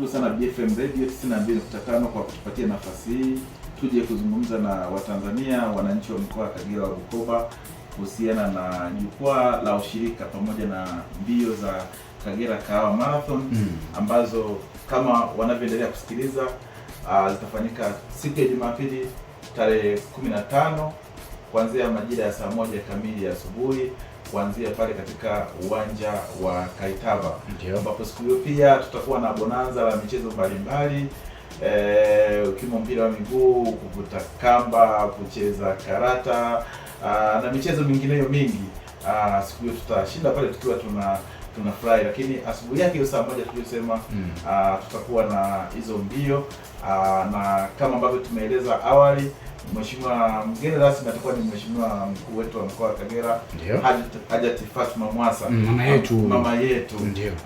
Shukuru sana BFM Radio 92.5 kwa kutupatia nafasi hii tuje kuzungumza na Watanzania, wananchi wa mkoa wa Kagera wa Bukoba kuhusiana na jukwaa la ushirika pamoja na mbio za Kagera Kahawa Marathon mm. ambazo kama wanavyoendelea kusikiliza uh, zitafanyika siku ya Jumapili tarehe 15 kuanzia majira ya saa moja kamili ya asubuhi kuanzia pale katika uwanja wa Kaitaba ambapo siku hiyo pia tutakuwa na bonanza la michezo mbalimbali eh, ukiwemo mpira wa miguu, kuvuta kamba, kucheza karata aa, ah, na michezo mingineyo mingi. Ah, siku hiyo tutashinda pale tukiwa tuna tunafurahi, lakini asubuhi yake hiyo saa moja tuliosema mm. uh, tutakuwa na hizo mbio uh, na kama ambavyo tumeeleza awali Mheshimiwa mgeni rasmi atakuwa ni Mheshimiwa mkuu wetu wa mkoa wa Kagera Hajati Fatuma Mwasa, mm, mama yetu, mama yetu,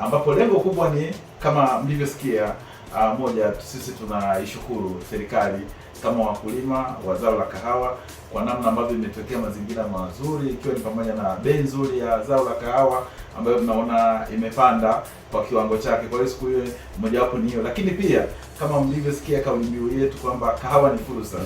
ambapo lengo kubwa ni kama mlivyosikia Uh, moja, sisi tunaishukuru serikali kama wakulima wa zao la kahawa kwa namna ambavyo imetokea mazingira mazuri, ikiwa ni pamoja na bei nzuri ya zao la kahawa ambayo tunaona imepanda kwa kiwango chake. Kwa hiyo siku hiyo mojawapo ni hiyo, lakini pia kama mlivyosikia kauli mbiu yetu kwamba kahawa ni fursa.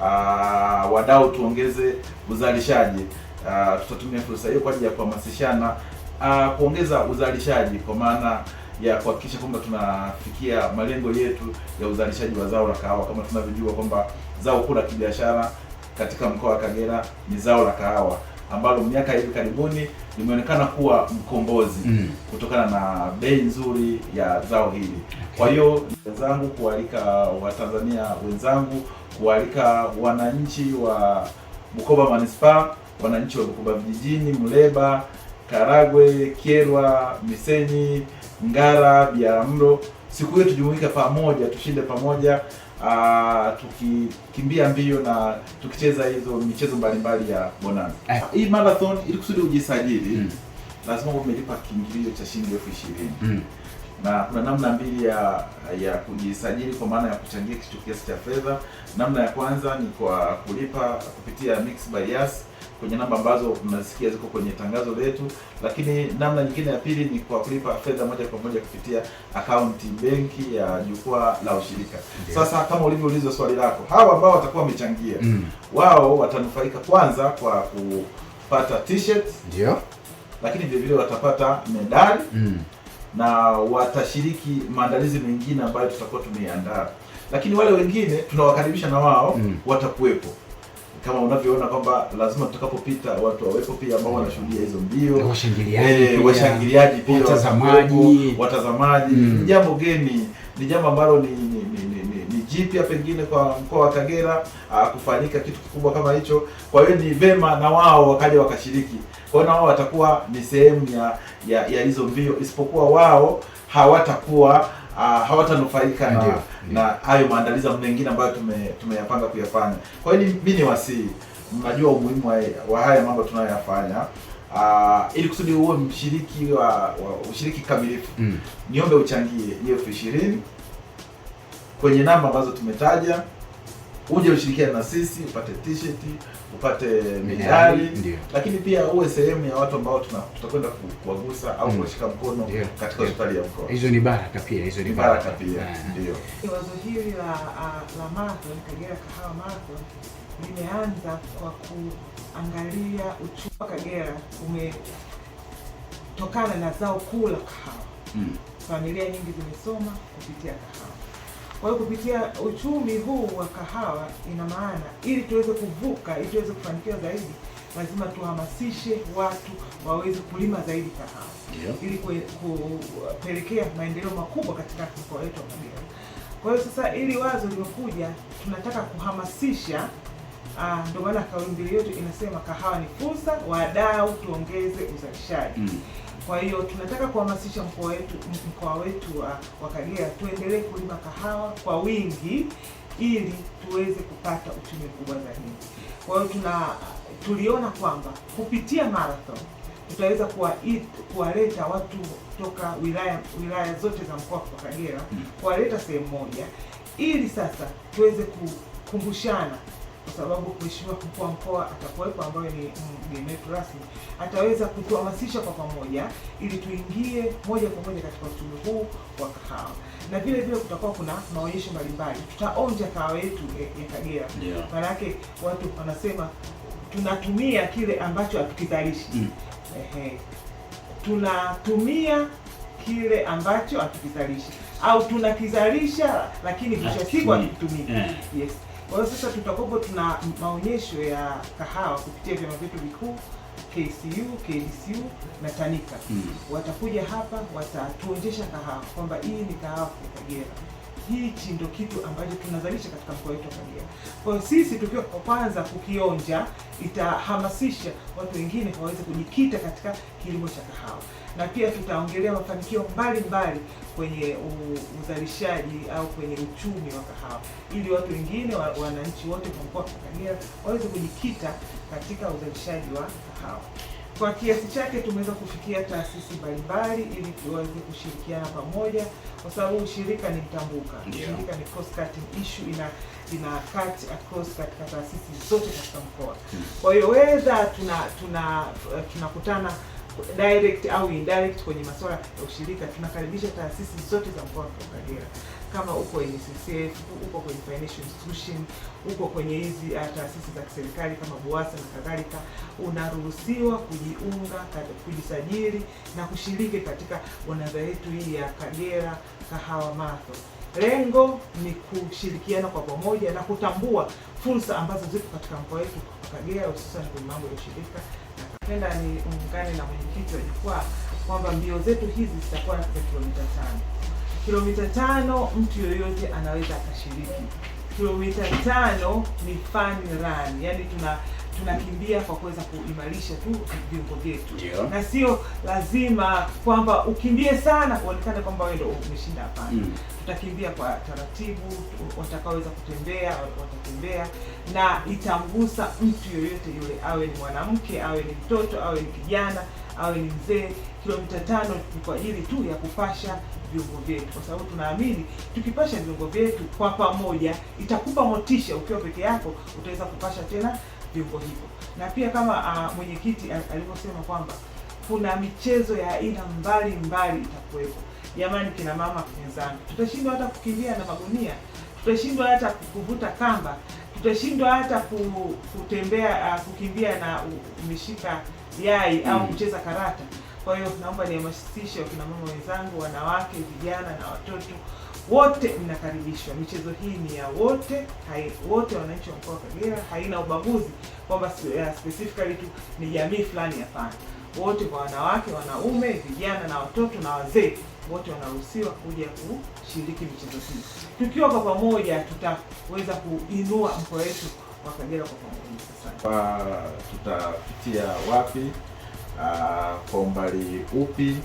Uh, wadau tuongeze uzalishaji. Uh, tutatumia fursa hiyo kwa ajili ya kuhamasishana, uh, kuongeza uzalishaji kwa maana ya kuhakikisha kwamba tunafikia malengo yetu ya uzalishaji wa zao la kahawa. Kama tunavyojua kwamba zao kuu la kibiashara katika mkoa wa Kagera ni zao la kahawa ambalo miaka hivi karibuni limeonekana kuwa mkombozi mm, kutokana na bei nzuri ya zao hili. Kwa hiyo wenzangu, kualika Watanzania wenzangu, kualika wananchi wa Bukoba manispaa, wananchi wa Bukoba vijijini, Muleba, Karagwe, Kyerwa, Misenyi Ngara, Biaramlo, Siku hiyo tujumuike pamoja, tushinde pamoja, ah, tukikimbia mbio na tukicheza hizo michezo mbalimbali ya Bonanza. Eh. Hii marathon ili kusudi ujisajili mm. lazima umelipa kiingilio cha shilingi elfu ishirini mm. na kuna namna mbili ya ya kujisajili kwa maana ya kuchangia kitu kiasi cha fedha. Namna ya kwanza ni kwa kulipa kupitia Mixx by Yas kwenye namba ambazo mnasikia ziko kwenye tangazo letu. Lakini namna nyingine ya pili ni kwa kulipa fedha moja kwa moja kupitia akaunti benki ya jukwaa la ushirika. Sasa kama ulivyoulizwa swali lako, hawa ambao watakuwa wamechangia mm. wao watanufaika kwanza kwa kupata t-shirt ndio, lakini vile vile watapata medali mm. na watashiriki maandalizi mengine ambayo tutakuwa tumeiandaa, lakini wale wengine tunawakaribisha na wao mm. watakuwepo kama unavyoona kwamba lazima tutakapopita watu wawepo pia ambao mm. wanashuhudia hizo mbio, eh, washangiliaji pia, watazamaji. Mm. Ni jambo geni, ni jambo ambalo ni jipya pengine kwa mkoa wa Kagera ah, kufanyika kitu kikubwa kama hicho. Kwa hiyo ni vema na wao wakaja wakashiriki, kwa hiyo na wao watakuwa ni sehemu ya ya ya hizo mbio, isipokuwa wao hawatakuwa Uh, hawatanufaika na na hayo maandalizi mengine ambayo tumeyapanga kuyafanya. Kwa hiyo mimi ni wasii, mnajua umuhimu wa, haya mambo tunayoyafanya uh, ili kusudi uwe mshiriki wa, wa ushiriki kamilifu mm. Niombe uchangie elfu ishirini kwenye namba ambazo tumetaja, uje ushirikiane na sisi upate t-shirt, upate medali, lakini pia uwe sehemu ya watu ambao tutakwenda kuwagusa au mm. kuwashika mkono katika hospitali ya mkoa. Hizo ni baraka pia, hizo ni baraka pia, ah. ndio wazo hili la la marathon, Kagera Kahawa Marathon limeanza kwa kuangalia uchumi wa Kagera umetokana na zao kuu la kahawa. Mm. Familia nyingi zimesoma kupitia kahawa. Kwa hiyo kupitia uchumi huu wa kahawa, ina maana ili tuweze kuvuka, ili tuweze kufanikiwa zaidi, lazima tuhamasishe watu waweze kulima zaidi kahawa yeah, ili kupelekea maendeleo makubwa katika mkoa wetu wa Kagera. Kwa hiyo sasa, ili wazo limekuja, tunataka kuhamasisha ah, ndio maana kauli mbiu yetu inasema kahawa ni fursa, wadau tuongeze uzalishaji. mm. Kwa hiyo tunataka kuhamasisha mkoa wetu mkoa wetu wa, wa Kagera tuendelee kulima kahawa kwa wingi ili tuweze kupata uchumi mkubwa zaidi. Kwa hiyo tuna tuliona kwamba kupitia marathon tutaweza kuwaleta watu kutoka wilaya wilaya zote za mkoa wa Kagera hmm. kuwaleta sehemu moja ili sasa tuweze kukumbushana sababu Mheshimiwa Mkuu wa Mkoa atakuwepo, ambayo ni mgeni mm, wetu rasmi, ataweza kutuhamasisha kwa pamoja ili tuingie moja kwa moja katika uchumi huu wa kahawa, na vile vile kutakuwa kuna maonyesho mbalimbali, tutaonja kahawa yetu ya Kagera yeah. yake watu wanasema tunatumia kile ambacho hatukizalishi mm. Ehe, tunatumia kile ambacho hatukizalishi au tunakizalisha lakini kisha siku yeah. Yes. Kwa hiyo sasa tutakopo tuna maonyesho ya kahawa kupitia vyama vyetu vikuu KCU, KDCU na Tanika. Mm. Watakuja hapa watatuonyesha kahawa kwamba hii ni kahawa ya Kagera. Hichi ndio kitu ambacho tunazalisha katika mkoa wetu wa Kagera. Kwa hiyo sisi tukiwa kwa kwanza kukionja itahamasisha watu wengine waweze kujikita katika kilimo cha kahawa, na pia tutaongelea mafanikio mbalimbali kwenye uzalishaji au kwenye uchumi wa kahawa, ili watu wengine, wananchi wote kwa mkoa wa Kakamega waweze kujikita katika uzalishaji wa kahawa. Kwa kiasi chake tumeweza kufikia taasisi mbalimbali ili tuweze kushirikiana pamoja, kwa sababu ushirika ni mtambuka. Ushirika ni cross cutting issue, ina ina cut across katika taasisi zote katika mkoa. Hmm. Kwa hiyo wedha tunakutana tuna, tuna, tuna direct au indirect kwenye masuala ya ushirika, tunakaribisha taasisi zote za mkoa wa Kagera kama uko NSSF, uko kwenye financial institution, uko kwenye hizi ah, taasisi za kiserikali kama BUWASA na kadhalika, unaruhusiwa kujiunga, kujisajili na kushiriki katika wanaza yetu hii ya Kagera Kahawa Marathon. Lengo ni kushirikiana kwa pamoja na kutambua fursa ambazo ziko katika mkoa wetu Kagera, hususan kwenye mambo ya ushirika na ni niungane na mwenyekiti wa jukwaa kwamba mbio zetu hizi zitakuwa za kilomita tano. Kilomita tano mtu yoyote anaweza akashiriki. Kilomita tano ni fun run, yani tuna tunakimbia kwa kuweza kuimarisha tu viungo vyetu, na sio lazima kwamba ukimbie sana uonekane kwamba wewe ndio umeshinda. Hapana, mm. Tutakimbia kwa taratibu, watakaoweza kutembea watatembea, na itamgusa mtu yoyote yule, awe ni mwanamke, awe ni mtoto, awe ni kijana, awe ni mzee. Kilomita tano ni kwa ajili tu ya kupasha viungo vyetu, kwa sababu tunaamini tukipasha viungo vyetu kwa pamoja itakupa motisha. Ukiwa peke yako utaweza kupasha tena viungo hivyo, na pia kama uh, mwenyekiti alivyosema kwamba kuna michezo ya aina mbalimbali itakuwepo. Jamani, kina mama wenzangu, tutashindwa hata kukimbia na magunia, tutashindwa hata kuvuta kamba, tutashindwa hata kutembea uh, kukimbia na umeshika yai mm, au kucheza karata. Kwa hiyo naomba nihamasishe wakina mama wenzangu, wanawake, vijana na watoto wote mnakaribishwa. Michezo hii ni ya wote, hai wote wananchi wa mkoa wa Kagera, haina ubaguzi kwamba eh, specifically tu ni jamii fulani, hapana. Wote kwa wanawake, wanaume, vijana na watoto na wazee, wote wanaruhusiwa kuja kushiriki michezo hii. Tukiwa kwa pamoja, tutaweza kuinua mkoa wetu wa Kagera kwa pamoja. Sasa tutapitia wapi? Uh, kwa umbali upi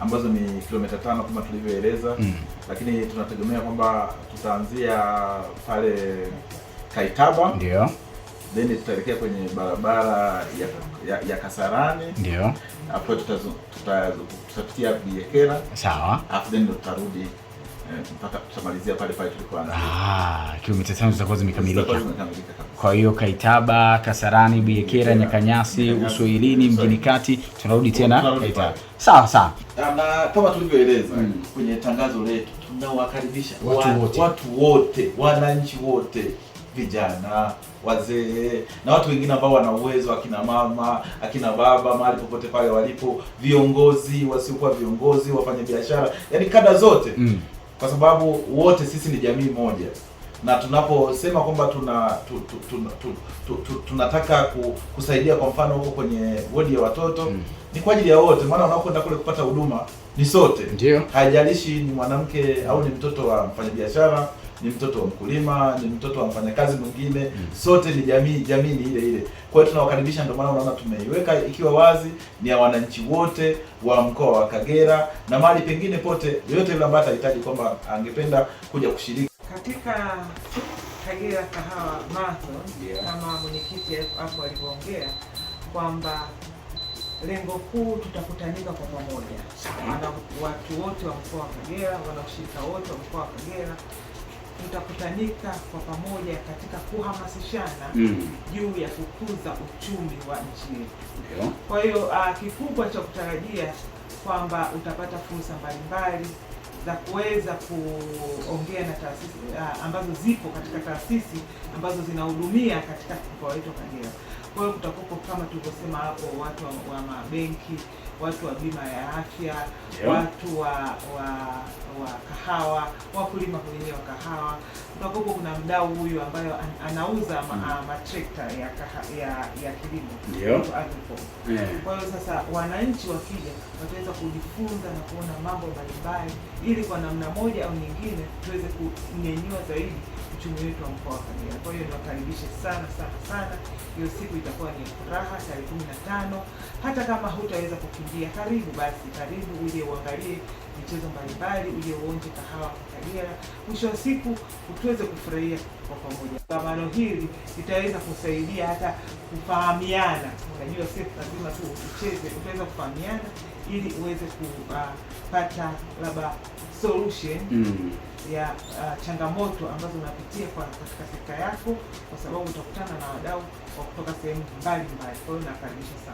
ambazo ni kilomita tano kama tulivyoeleza. mm lakini tunategemea kwamba tutaanzia pale Kaitaba ndio then tutaelekea kwenye barabara ya, ya, ya Kasarani ndio hapo tutapitia Biekera sawa, afu then tutarudi mpaka tutamalizia pale pale Ah, kilomita tano zitakuwa zimekamilika. Kwa hiyo Kaitaba, Kasarani, Biekera, Nyakanyasi, Uswahilini, mjini kati, tunarudi tena Sawa sawa, kama tulivyoeleza hmm. kwenye tangazo letu, tunawakaribisha watu wote, wananchi wote vijana wazee na watu wengine ambao wana uwezo, akina mama, akina baba, mahali popote pale walipo, viongozi, wasiokuwa viongozi, wafanya biashara, yani kada zote mm kwa sababu wote sisi ni jamii moja, na tunaposema kwamba tuna tu, tu, tu, tu, tu, tu, tunataka kusaidia kwa mfano huko kwenye wodi ya watoto mm. ni kwa ajili ya wote, maana unaokwenda kule kupata huduma ni sote, ndio, haijalishi ni mwanamke au ni mtoto wa mfanyabiashara ni mtoto wa mkulima, ni mtoto wa mfanyakazi mwingine mm. Sote ni jamii, jamii ni ile ile. Kwa hiyo tunawakaribisha, ndio maana unaona tumeiweka ikiwa wazi, ni ya wananchi wote wa mkoa wa Kagera na mahali pengine pote, yoyote yule ambaye atahitaji kwamba angependa kuja kushiriki katika Kagera Kahawa Marathon yeah. Kama mwenyekiti hapo alivyoongea kwamba lengo kuu tutakutanika kwa pamoja, watu wote wa mkoa wa Kagera, wanaushirika wote wa mkoa wa Kagera tutakutanika kwa pamoja katika kuhamasishana mm. juu ya kukuza uchumi wa nchi yetu. Kwa hiyo uh, kikubwa cha kutarajia kwamba utapata fursa mbalimbali za kuweza kuongea na taasisi uh, ambazo zipo katika taasisi ambazo zinahudumia katika mkoa wetu Kagera. Kwa hiyo kutakuwa kama tulivyosema hapo, watu wa, wa mabenki watu wa bima ya afya yeah. watu wa, wa wa kahawa, wakulima wenyewe wa kahawa. Unakupo kuna mdau huyu ambayo anauza ma, mm. matrekta ya, ya ya kilimo yeah. Kwa hiyo sasa wananchi wakija wataweza kujifunza na kuona mambo mbalimbali, ili kwa namna moja au nyingine tuweze kunyanyua zaidi uchumi wetu wa mkoa wa Kagera. Kwa hiyo niwakaribishe sana sana sana. Hiyo siku itakuwa ni furaha tarehe kumi na tano hata kama hutaweza kukimbia kuingia. Karibu basi, karibu uje uangalie michezo mbalimbali, uje uonje kahawa Kagera. Mwisho wa siku tuweze kufurahia kwa pamoja. Kongamano hili litaweza kusaidia hata kufahamiana. Unajua sio lazima tu ucheze, utaweza kufahamiana ili uweze kupata uh, labda solution mm ya uh, changamoto ambazo unapitia kwa katika sekta yako, kwa sababu utakutana na wadau wa kutoka sehemu mbalimbali. Kwa hiyo nakaribisha sana.